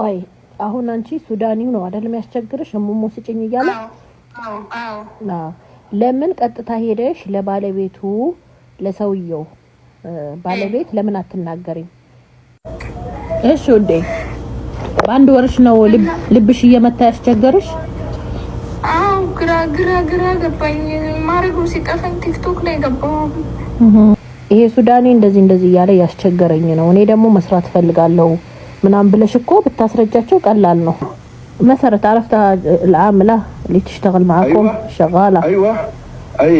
ቆይ አሁን አንቺ ሱዳኒው ነው አይደል የሚያስቸግርሽ? እሙሙ ስጭኝ እያለ ለምን ቀጥታ ሄደሽ ለባለቤቱ ለሰውየው ባለቤት ለምን አትናገሪም? እሺ ወዴ በአንድ ወርሽ ነው ልብሽ እየመታ ያስቸገርሽ? አዎ ግራ ግራ ግራ ገባኝ። ማረጉ ሲጠፋኝ ቲክቶክ ላይ ገባሁ። ይሄ ሱዳኔ እንደዚህ እንደዚህ እያለ ያስቸገረኝ ነው። እኔ ደግሞ መስራት ፈልጋለሁ ምናምን ብለሽ እኮ ብታስረጃቸው ቀላል ነው። መሰረት አረፍተ العامله اللي تشتغل معكم شغاله ايوه اي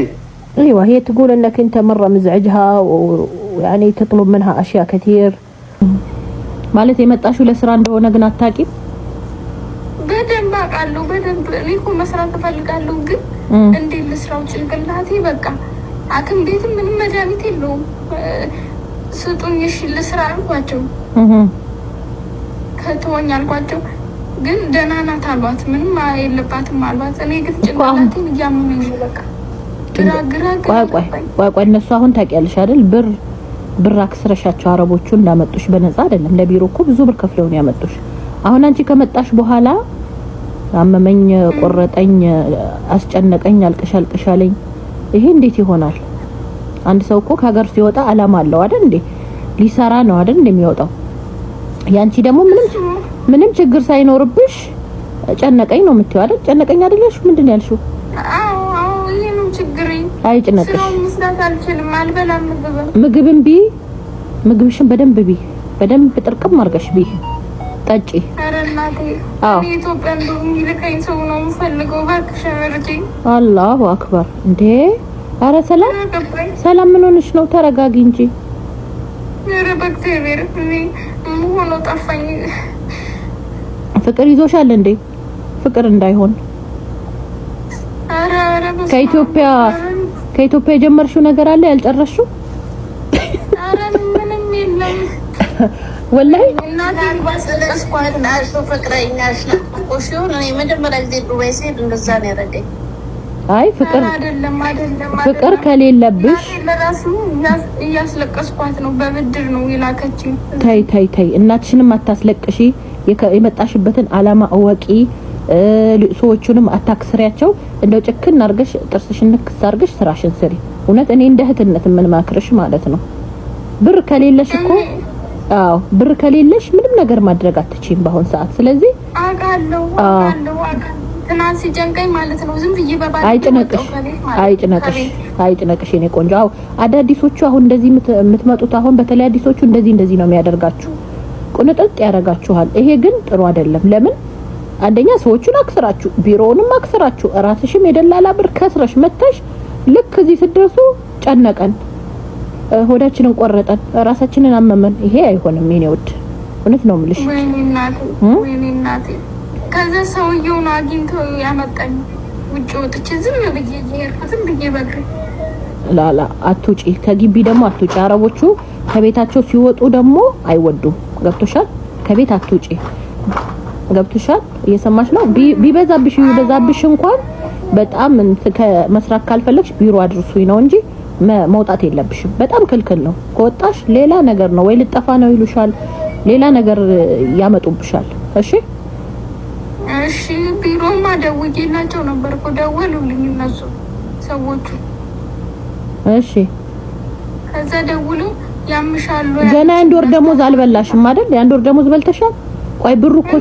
ايوه هي تقول انك انت مره مزعجها ويعني تطلب ማለት የመጣሽው ለስራ እንደሆነ ግን አታውቂም። በደንብ አውቃለሁ። በደንብ እኔ እኮ መስራት እፈልጋለሁ፣ ግን እንዴት ልስራው? ጭንቅላቴ በቃ ሐኪም ቤትም ምንም መድኃኒት የለውም። ስጡኝ፣ እሺ ልስራ አልኳቸው። ተወኝ አልኳቸው። ግን ደህና ናት አሏት። ምንም የለባትም አሏት። እኔ ግን ጭንቅላቴን እያመመኝ ነው። በቃ ቋቋ እነሱ አሁን ታውቂያለሽ አይደል? ብር ብር አክስረሻቸው አረቦቹ እንዳመጡሽ በነጻ አይደለም። ለቢሮ እኮ ብዙ ብር ከፍለውን ያመጡሽ። አሁን አንቺ ከመጣሽ በኋላ አመመኝ፣ ቆረጠኝ፣ አስጨነቀኝ፣ አልቅሽ አልቅሽ አለኝ። ይሄ እንዴት ይሆናል? አንድ ሰው እኮ ከሀገር ሲወጣ አላማ አለው አይደል እንዴ? ሊሰራ ነው አይደል እንደሚወጣው ያንቺ ደግሞ ምንም ምንም ችግር ሳይኖርብሽ ጨነቀኝ ነው የምትይው አይደል? ጨነቀኝ አይደለሽ? ምንድን ነው ያልሽው? አይጭነቅሽ። ምግብን ቢ ምግብሽን በደንብ ቢ በደንብ ጥርቅም አድርገሽ ቢ ጠጪ። አላሁ አክበር እንዴ! አረ ሰላም ሰላም፣ ምን ሆነሽ ነው? ተረጋጊ እንጂ ሆኖ ጠፋኝ። ፍቅር ይዞሻል እንዴ? ፍቅር እንዳይሆን ከኢትዮጵያ ከኢትዮጵያ የጀመርሽው ነገር አለ ያልጨረስሽው? ኧረ ምንም የለም ወላሂ እናቴ አይ ፍቅር ፍቅር ከሌለብሽ ለራሱ እያስለቀስኳት ነው። በብድር ነው የላከችኝ። ተይ ተይ ተይ፣ እናትሽንም አታስለቅሺ። የመጣሽበትን አላማ እወቂ። ልቅሶዎቹንም አታክስሪያቸው። እንደው ጭክን አርገሽ ጥርስሽን ንክስ አርገሽ ስራሽን ስሪ። እውነት እኔ እንደ እህትነት የምንመክርሽ ማለት ነው። ብር ከሌለሽ እኮ አዎ ብር ከሌለሽ ምንም ነገር ማድረግ አትችይም በአሁን ሰዓት። ስለዚህ አውቃለሁ አውቃለሁ ጥናት ሲጨንቀኝ ማለት ነው ዝም ብዬ በባ አይጭነቅሽ፣ አይጭነቅሽ፣ አይጭነቅሽ የኔ ቆንጆ። አዎ አዳዲሶቹ አሁን እንደዚህ የምትመጡት አሁን በተለይ አዲሶቹ እንደዚህ እንደዚህ ነው የሚያደርጋችሁ፣ ቁንጥጥ ያደርጋችኋል። ይሄ ግን ጥሩ አይደለም። ለምን አንደኛ ሰዎቹን አክስራችሁ፣ ቢሮውንም አክስራችሁ፣ ራስሽም የደላላ ብር ከስረሽ መተሽ ልክ እዚህ ስደርሱ ጨነቀን፣ ሆዳችንን ቆረጠን፣ ራሳችንን አመመን። ይሄ አይሆንም የኔ ውድ፣ እውነት ነው የምልሽ። ከዛ ሰውየውን አግኝተው ያመጣኝ ውጭ ወጥቼ ዝም ብዬ እየሄድኩ ዝም ብዬ በግ ላላ አትውጪ፣ ከግቢ ደግሞ አትውጪ። አረቦቹ ከቤታቸው ሲወጡ ደግሞ አይወዱም። ገብቶሻል? ከቤት አትውጪ። ገብቶሻል? እየሰማሽ ነው? ቢበዛብሽ ቢበዛብሽ እንኳን በጣም ከመስራት ካልፈለግሽ ቢሮ አድርሱኝ ነው እንጂ መውጣት የለብሽም። በጣም ክልክል ነው። ከወጣሽ ሌላ ነገር ነው፣ ወይ ልጠፋ ነው ይሉሻል፣ ሌላ ነገር ያመጡብሻል። እሺ እሺ ቢሮማ ደውዬላቸው ነበር እኮ ደወሉልኝ እነሱ ሰዎቹ። እሺ ከዛ ደውሉ ያምሻሉ። ገና የአንድ ወር ደሞዝ አልበላሽም አይደል? የአንድ ወር ደሞዝ በልተሻል። ቆይ ብሩ እኮ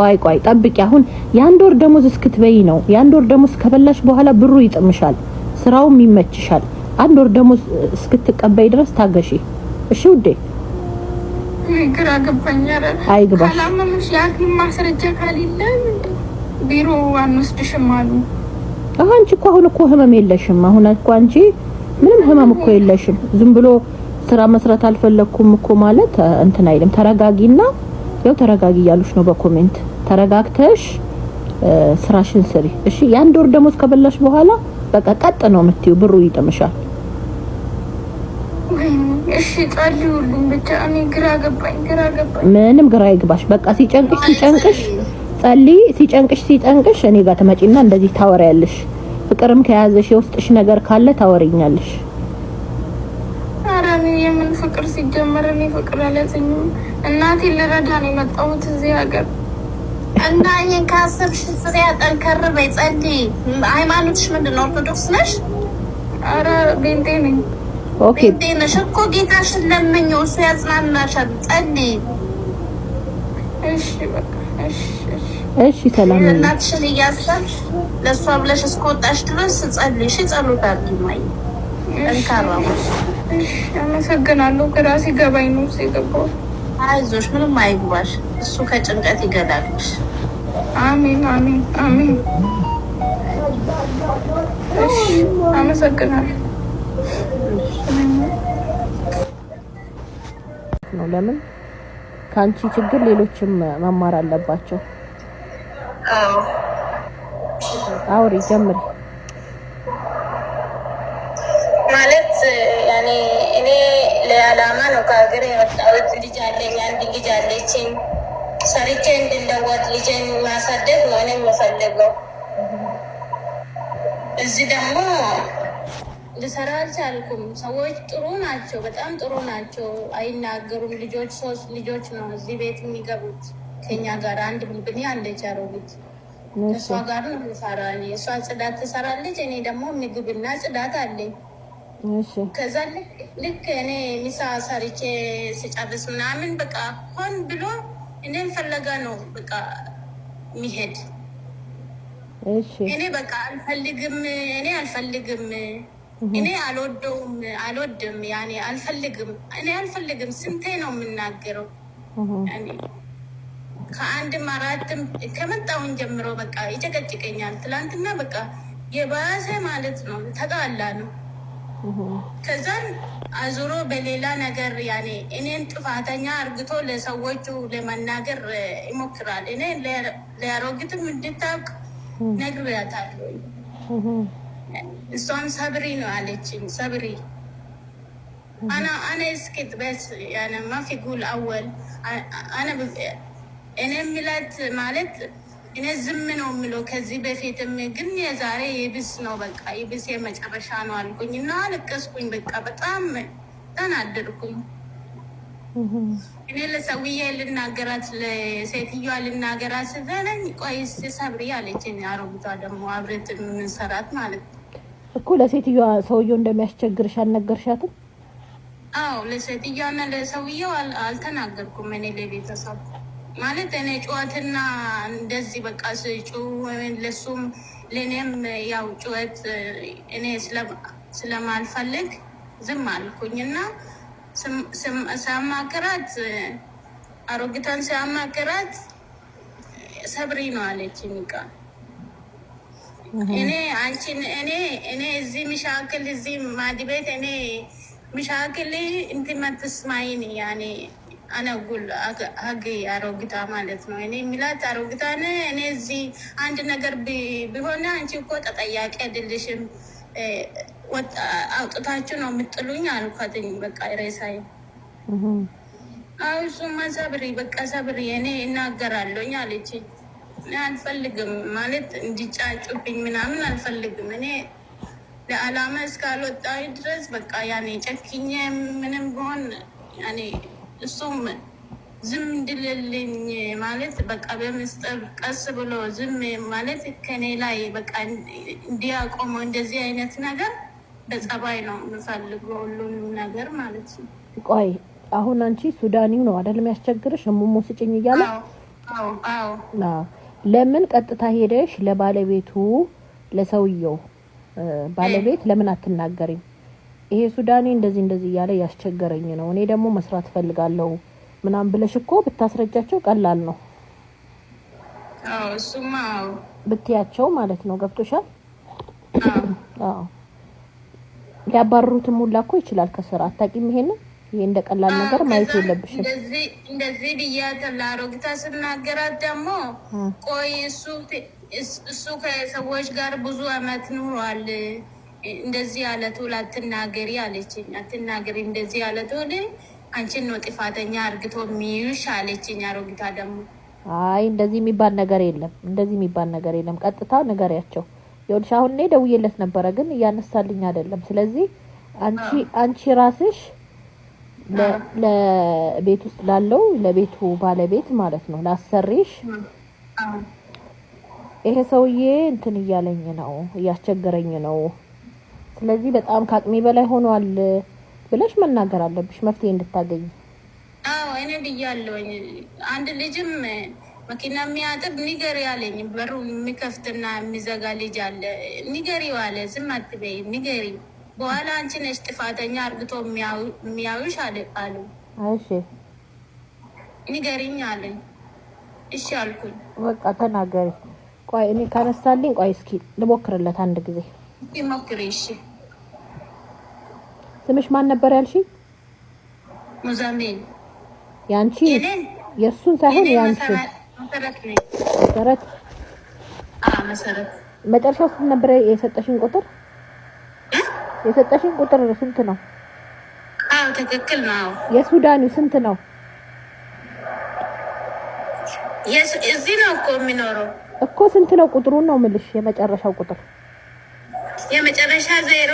ቆይ ቆይ ጠብቂ። አሁን የአንድ ወር ደሞዝ እስክትበይ ነው። የአንድ ወር ደሞዝ ከበላሽ በኋላ ብሩ ይጥምሻል፣ ስራውም ይመችሻል። አንድ ወር ደሞዝ እስክትቀበይ ድረስ ታገሺ። እሺ ውዴ ግራ ገባኝ። አይግባሽ። ካላመሙሽ የሐኪም ማስረጃ ካሌለ ቢሮ አንወስድሽም አሉ። አንቺ እኮ አሁን እኮ ህመም የለሽም። አሁን እኮ አንቺ ምንም ህመም እኮ የለሽም። ዝም ብሎ ስራ መስራት አልፈለኩም እኮ ማለት እንትን አይልም። ተረጋጊና ያው ተረጋጊ እያሉሽ ነው በኮሜንት ተረጋግተሽ ስራሽን ስሪ እሺ። የአንድ ወር ደሞዝ ከበላሽ በኋላ በቃ ቀጥ ነው የምትይው፣ ብሩ ይጥምሻል። እሺ ጸልዩ። ብቻ እኔ ግራ ገባኝ፣ ግራ ገባኝ። ምንም ግራ ይግባሽ። በቃ ሲጨንቅሽ ሲጨንቅሽ ጸልይ። ሲጨንቅሽ ሲጨንቅሽ እኔ ጋር ትመጪና እንደዚህ ታወሪያለሽ። ፍቅርም ከያዘሽ የውስጥሽ ነገር ካለ ታወሪኛለሽ። ኧረ እኔ የምን ፍቅር ሲጀመር እኔ ፍቅር አልያዘኝም። እናቴ ልረዳ ነው የመጣሁት እዚህ ሀገር እና ይህን ካሰብሽ ጽያ ጠንከር በይ፣ ጸልይ። ሃይማኖትሽ ምንድን ነው? ኦርቶዶክስ ነሽ? ኧረ ቤንጤ ነኝ። ኦኬ ነሽ እኮ ጌታሽን ለምኚው፣ እሱ ያጽናናሻል። ጸልይ። እሺ በቃ እሺ፣ እሺ። ሰላም እናትሽን እያሰብሽ ለእሷ ብለሽ እስከወጣሽ ድረስ ጸልይ። እሺ፣ ጸሎት አመሰግናለሁ። ግራ ሲገባኝ ነው ሲገባው። አይዞሽ፣ ምንም አይግባሽ። እሱ ከጭንቀት ይገላልሽ። አሜን፣ አሜን፣ እሺ፣ አመሰግናለሁ። ነው። ለምን ከአንቺ ችግር ሌሎችም መማር አለባቸው። አውሪ ጀምሪ። ማለት ያኔ እኔ ለዓላማ ነው ከሀገር የወጣሁት። ልጅ አለኝ፣ አንድ ልጅ አለችኝ። ሰርቼ እንድለወጥ ልጅን ማሳደግ ነው እኔ የምፈልገው እዚህ ደግሞ ልሰራ አልቻልኩም። ሰዎች ጥሩ ናቸው፣ በጣም ጥሩ ናቸው፣ አይናገሩም። ልጆች ሶስት ልጆች ነው እዚህ ቤት የሚገቡት ከኛ ጋር አንድ ብልብኔ አንድ የቻሮጉት እሷ ጋር ነው ልሰራ። እሷ ጽዳት ትሰራለች፣ እኔ ደግሞ ምግብና ጽዳት አለኝ። ከዛ ልክ እኔ ሚሳ ሰርቼ ስጨርስ ምናምን በቃ ሆን ብሎ እኔም ፈለጋ ነው በቃ የሚሄድ እኔ በቃ አልፈልግም እኔ አልፈልግም እኔ አልወደውም፣ አልወድም፣ ያኔ አልፈልግም። እኔ አልፈልግም። ስንቴ ነው የምናገረው? ከአንድም አራትም ከመጣውን ጀምሮ በቃ ይጨቀጭቀኛል። ትላንትና በቃ የባሰ ማለት ነው ተጣላ ነው። ከዛን አዙሮ በሌላ ነገር ያኔ እኔን ጥፋተኛ አርግቶ ለሰዎቹ ለመናገር ይሞክራል። እኔ ለያሮግትም እንድታውቅ ነግሬያታለሁ። እሷም ሰብሪ ነው አለችኝ። ሰብሪ አና አነ እስኪት በስ ያነ ማፊጉል አወል አነ እኔ ምላት ማለት እኔ ዝም ነው የምለው። ከዚህ በፊትም ግን የዛሬ ይብስ ነው በቃ ይብስ የመጨረሻ ነው አልኩኝ እና አለቀስኩኝ። በቃ በጣም ተናደድኩኝ። እኔ ለሰውዬ ልናገራት ለሴትዮዋ ልናገራት ስትለኝ ቆይስ ሰብሪ አለችኝ። አሮጊቷ ደግሞ አብረት የምንሰራት ማለት ነው እኮ ለሴትዮዋ ሰውየው እንደሚያስቸግርሽ አልነገርሻትም? አዎ ለሴትዮዋና ለሰውየው አልተናገርኩም። እኔ ለቤተሰብ ማለት እኔ ጩኸትና እንደዚህ በቃ ስጩ ለሱም ለእኔም ያው ጩኸት እኔ ስለማልፈልግ ዝም አልኩኝና ሳማክራት አሮጊቷን ሲያማክራት ሰብሪ ነው አለች ሚቃ እኔ አንቺን እኔ እኔ እዚህ ምሻክል እዚህ ማድቤት እኔ ምሻክል እንትመትስማይን ያኔ አነጉል ሀግ አሮግታ ማለት ነው። እኔ ሚላት ነ እኔ እዚህ አንድ ነገር ቢሆነ አንቺ እኮ ተጠያቂ አይደለሽም አውጥታችሁ ነው የምጥሉኝ አልኳትኝ። በቃ ሬሳዬ አሁ ማ ሰብሪ በቃ ሰብሪ እኔ እናገራለኝ አለችኝ። አልፈልግም ማለት እንዲጫጩብኝ ምናምን አልፈልግም። እኔ ለአላማ እስካልወጣሁ ድረስ በቃ ያኔ ጨክኜ ምንም ብሆን ያኔ እሱም ዝም እንድልልኝ ማለት በቃ በምስጠር ቀስ ብሎ ዝም ማለት ከኔ ላይ በቃ እንዲያቆመው እንደዚህ አይነት ነገር በጸባይ ነው የምፈልገው ሁሉንም ነገር ማለት ነው። ቆይ አሁን አንቺ ሱዳኒው ነው አይደል ያስቸግርሽ? ሙሙ ስጭኝ እያለ አዎ አዎ ለምን ቀጥታ ሄደሽ ለባለቤቱ ለሰውየው ባለቤት ለምን አትናገሪም? ይሄ ሱዳኔ እንደዚህ እንደዚህ እያለ ያስቸገረኝ ነው፣ እኔ ደግሞ መስራት ፈልጋለሁ ምናምን ብለሽ እኮ ብታስረጃቸው ቀላል ነው። እሱማ ብትያቸው ማለት ነው። ገብቶሻል? ሊያባርሩትም ሁላ እኮ ይችላል ከስራ አታቂም ይሄንን ይሄ እንደ ቀላል ነገር ማየት የለብሽም። እንደዚህ ብያት ላሮጊታ ስናገራት ደግሞ ቆይ እሱ እሱ ከሰዎች ጋር ብዙ አመት ኑሯል እንደዚህ ያለ ትውል አትናገሪ አለችኝ። አትናገሪ እንደዚህ ያለ ትውል አንቺን ነው ጥፋተኛ አርግቶ የሚዩሽ አለችኝ። አሮጊታ ደግሞ አይ እንደዚህ የሚባል ነገር የለም፣ እንደዚህ የሚባል ነገር የለም። ቀጥታ ንገሪያቸው። ይኸውልሽ አሁን እኔ ደውዬለት ነበረ፣ ግን እያነሳልኝ አይደለም። ስለዚህ አንቺ አንቺ ራስሽ ለቤት ውስጥ ላለው ለቤቱ ባለቤት ማለት ነው ላሰሪሽ ይሄ ሰውዬ እንትን እያለኝ ነው እያስቸገረኝ ነው፣ ስለዚህ በጣም ከአቅሜ በላይ ሆኗል ብለሽ መናገር አለብሽ መፍትሄ እንድታገኝ። አዎ እኔ ብያለሁኝ። አንድ ልጅም መኪና የሚያጥብ ንገሪ አለኝ። በሩ የሚከፍትና የሚዘጋ ልጅ አለ። ንገሪው አለ። ዝም አትበይ፣ ንገሪው በኋላ አንቺ ነሽ ጥፋተኛ አርግቶ የሚያዩሽ አሉ። እሺ ንገሪኝ አለኝ። እሺ አልኩኝ። በቃ ተናገሪ። ቆይ እኔ ካነሳልኝ፣ ቆይ እስኪ ልሞክርለት አንድ ጊዜ። እስኪ ሞክሪ። እሺ ስምሽ ማን ነበር ያልሽኝ? ሙዛሜን ያንቺ የእሱን ሳይሆን ያንቺ መሰረት መጨረሻ ስንት ነበር የሰጠሽኝ ቁጥር? የሰጠሽን ቁጥር ስንት ነው? አዎ ትክክል ነው። የሱዳኑ ስንት ነው? እዚህ ነው እኮ የሚኖረው እኮ ስንት ነው? ቁጥሩን ነው የምልሽ። የመጨረሻው ቁጥር የመጨረሻ ዜሮ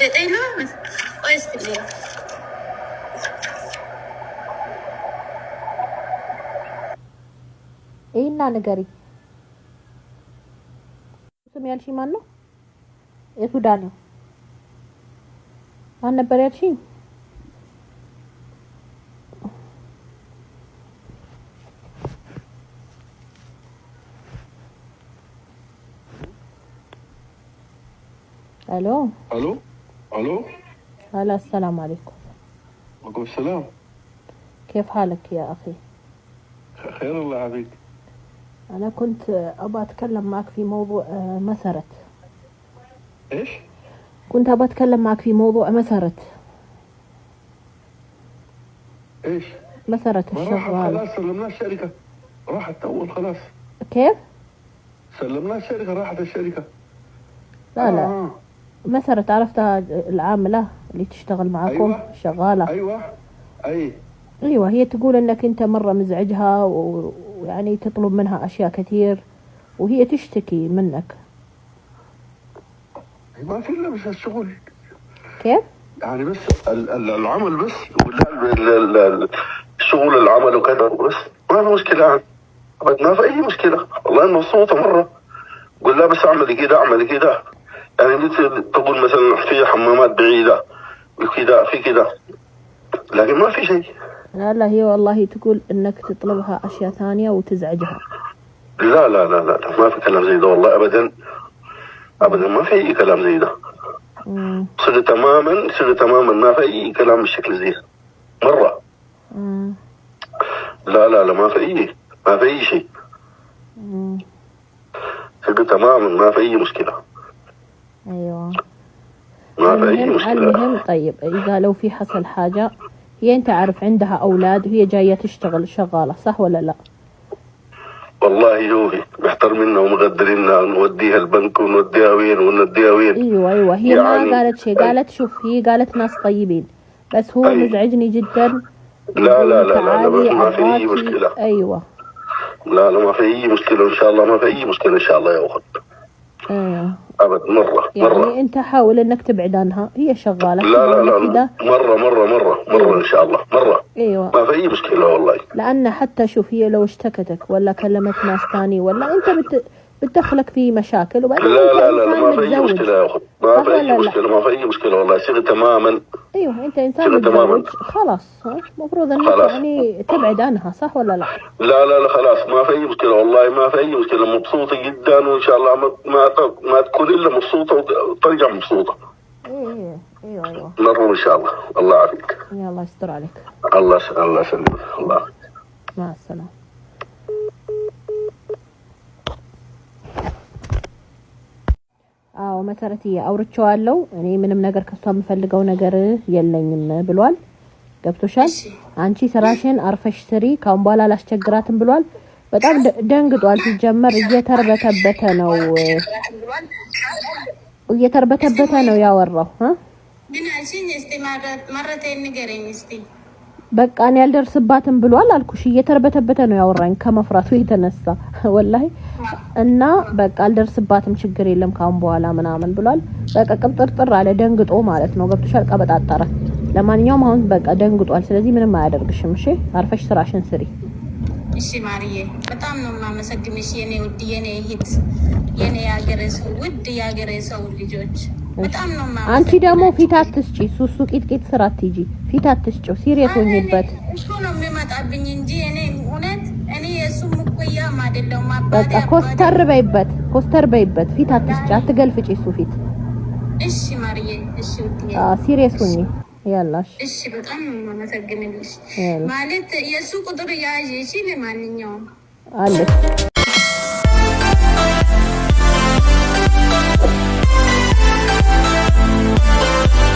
ዘጠኝ ነው። ይህና ንገሪ። ስም ያልሽ ማን ነው? የሱዳን ነው أنا ነበር ألو. ألو. ألو. هلا السلام عليكم. وعليكم السلام. كيف حالك يا أخي؟ خير الله يعافيك. أنا كنت أبغى أتكلم معك في موضوع آه، مسرت. إيش؟ كنت ابغى اتكلم معك في موضوع مسرت ايش؟ مسرت الشغال خلاص سلمناه الشركة راحت اول خلاص كيف؟ سلمناه الشركة راحت الشركة لا لا آه. مسرت عرفتها العاملة اللي تشتغل معاكم أيوة. شغالة ايوه اي ايوه هي تقول انك انت مرة مزعجها ويعني تطلب منها اشياء كثير وهي تشتكي منك ما في الا بس الشغل كيف؟ يعني بس العمل بس ولا الشغل العمل وكذا بس ما في مشكله يعني ما في اي مشكله والله مبسوطه مره قول لا بس اعملي كذا اعملي كذا يعني مثل تقول مثلا في حمامات بعيده وكذا في كذا لكن ما في شيء لا لا هي والله تقول انك تطلبها اشياء ثانيه وتزعجها لا لا لا لا ما في كلام زي ده والله ابدا ابدا ما في اي كلام زي ده سر تماما سر تماما ما في اي كلام بالشكل زي ده مره لا لا لا ما في اي ما في اي شيء سر تماما ما في اي مشكله ايوه ما في اي مشكله المهم طيب اذا لو في حصل حاجه هي انت عارف عندها اولاد وهي جايه تشتغل شغاله صح ولا لا؟ والله بيحتر محترميننا ومغدرنا نعم، نوديها البنك ونوديها وين ونوديها وين ايوه ايوه هي يعني ما قالت شيء قالت شوف هي قالت ناس طيبين بس هو أي. مزعجني جدا لا لا لا لا, لا ما في اي مشكله ايوه لا لا ما في اي مشكله ان شاء الله ما في اي مشكله ان شاء الله يا اخت ايوه ابد مره يعني مره انت حاول انك تبعد عنها هي شغاله لا لا لا, لا مره مره مره مره ان شاء الله مره ايوه ما في اي مشكله والله لان حتى شوف هي لو اشتكتك ولا كلمت ناس ثاني ولا انت بت... بتدخلك في مشاكل وبعدين لا لا لا, لا ما في اي مشكله يا اخت ما في اي مشكله ما في اي مشكله والله شغل تماما ايوه انت انسان متزوج خلاص المفروض انك يعني تبعد عنها صح ولا لا؟ لا لا لا خلاص ما في اي مشكله والله ما في اي مشكله مبسوطه جدا وان شاء الله ما ما تكون الا مبسوطه وترجع مبسوطه إيه، إيه، إيه، ايوه ايوه ايوه نروح ان شاء الله الله يعافيك الله يستر عليك الله الله يسلمك الله مع السلامه መሰረት አውርቼዋለሁ። እኔ ምንም ነገር ከሷ የምፈልገው ነገር የለኝም ብሏል። ገብቶሻል። አንቺ ስራሽን አርፈሽ ስሪ፣ ካሁን በኋላ አላስቸግራትም ብሏል። በጣም ደንግጧል። ሲጀመር እየተርበተበተ ነው እየተርበተበተ ነው ያወራው። ግን አንቺ እስቲ ማረቴን ንገረኝ እስቲ በቃ እኔ ያልደርስባትም ብሏል አልኩሽ። እየተርበተበተ ነው ያወራኝ ከመፍራቱ የተነሳ ወላሂ። እና በቃ አልደርስባትም ችግር የለም ካሁን በኋላ ምናምን ብሏል። በቃ ቅብጥርጥር አለ ደንግጦ ማለት ነው። ገብቶሻል? ቀበጣጠረ። ለማንኛውም አሁን በቃ ደንግጧል። ስለዚህ ምንም አያደርግሽም። እሺ፣ አርፈሽ ስራሽን ስሪ። እሺ ማርዬ፣ በጣም ነው የማመሰግንሽ የኔ ውድ የኔ እህት የኔ ያገሬ ሰው ውድ ያገሬ ሰው ልጆች አንቺ ደግሞ ፊት አትስጪ። ሱሱ ቂጥቂጥ ስራ አትሂጂ። ፊት አትስጪው። ሲሪየስ ሆኝበት እሱ ነው የሚመጣብኝ እንጂ እኔ እውነት እኔ የእሱ ምኩያም አይደለሁም። በቃ ኮስተር በይበት፣ ኮስተር በይበት። ፊት አትስጪ፣ አትገልፍጪ እሱ ፊት። እሺ ማርዬ፣ እሺ ውድዬ። አዎ ሲሪየስ ሆኚ ያላሽ። እሺ በጣም አመሰግንልሽ። ማለት የእሱ ቁጥር ያዥ። እሺ ለማንኛውም አለሽ Thank